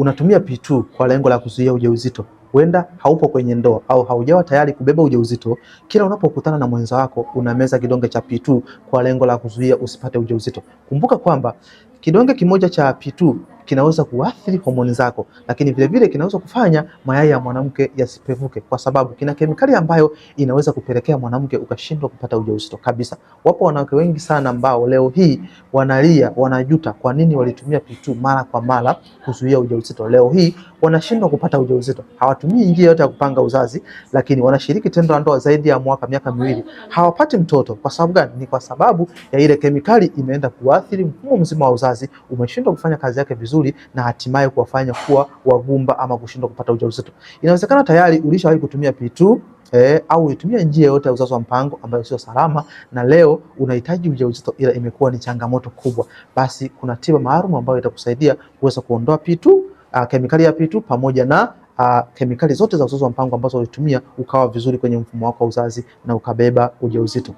unatumia P2 kwa lengo la kuzuia ujauzito. Huenda haupo kwenye ndoa au haujawa tayari kubeba ujauzito. Kila unapokutana na mwenza wako unameza kidonge cha P2 kwa lengo la kuzuia usipate ujauzito. Kumbuka kwamba kidonge kimoja cha P2 kinaweza kuathiri homoni zako, lakini vilevile kinaweza kufanya mayai ya mwanamke yasipevuke, kwa sababu kina kemikali ambayo inaweza kupelekea mwanamke ukashindwa kupata ujauzito kabisa. Wapo wanawake wengi sana ambao leo hii wanalia, wanajuta kwa nini walitumia P2 mara kwa mara kuzuia ujauzito. Leo hii wanashindwa kupata ujauzito, hawatumii njia yote ya kupanga uzazi, lakini wanashiriki tendo la ndoa zaidi ya mwaka, miaka miwili, hawapati mtoto. Kwa sababu gani? Ni kwa sababu ya ile kemikali imeenda kuathiri mfumo mzima wa uzazi, umeshindwa kufanya kazi yake vizuri vizuri na hatimaye kuwafanya kuwa wagumba ama kushindwa kupata ujauzito. Inawezekana tayari ulishawahi kutumia P2 Eh, au ulitumia njia yoyote ya uzazi wa mpango ambayo sio salama na leo unahitaji ujauzito ila imekuwa ni changamoto kubwa, basi kuna tiba maalum ambayo itakusaidia kuweza kuondoa P2, uh, ah, kemikali ya P2 pamoja na a, ah, kemikali zote za uzazi wa mpango ambazo ulitumia ukawa vizuri kwenye mfumo wako wa uzazi na ukabeba ujauzito.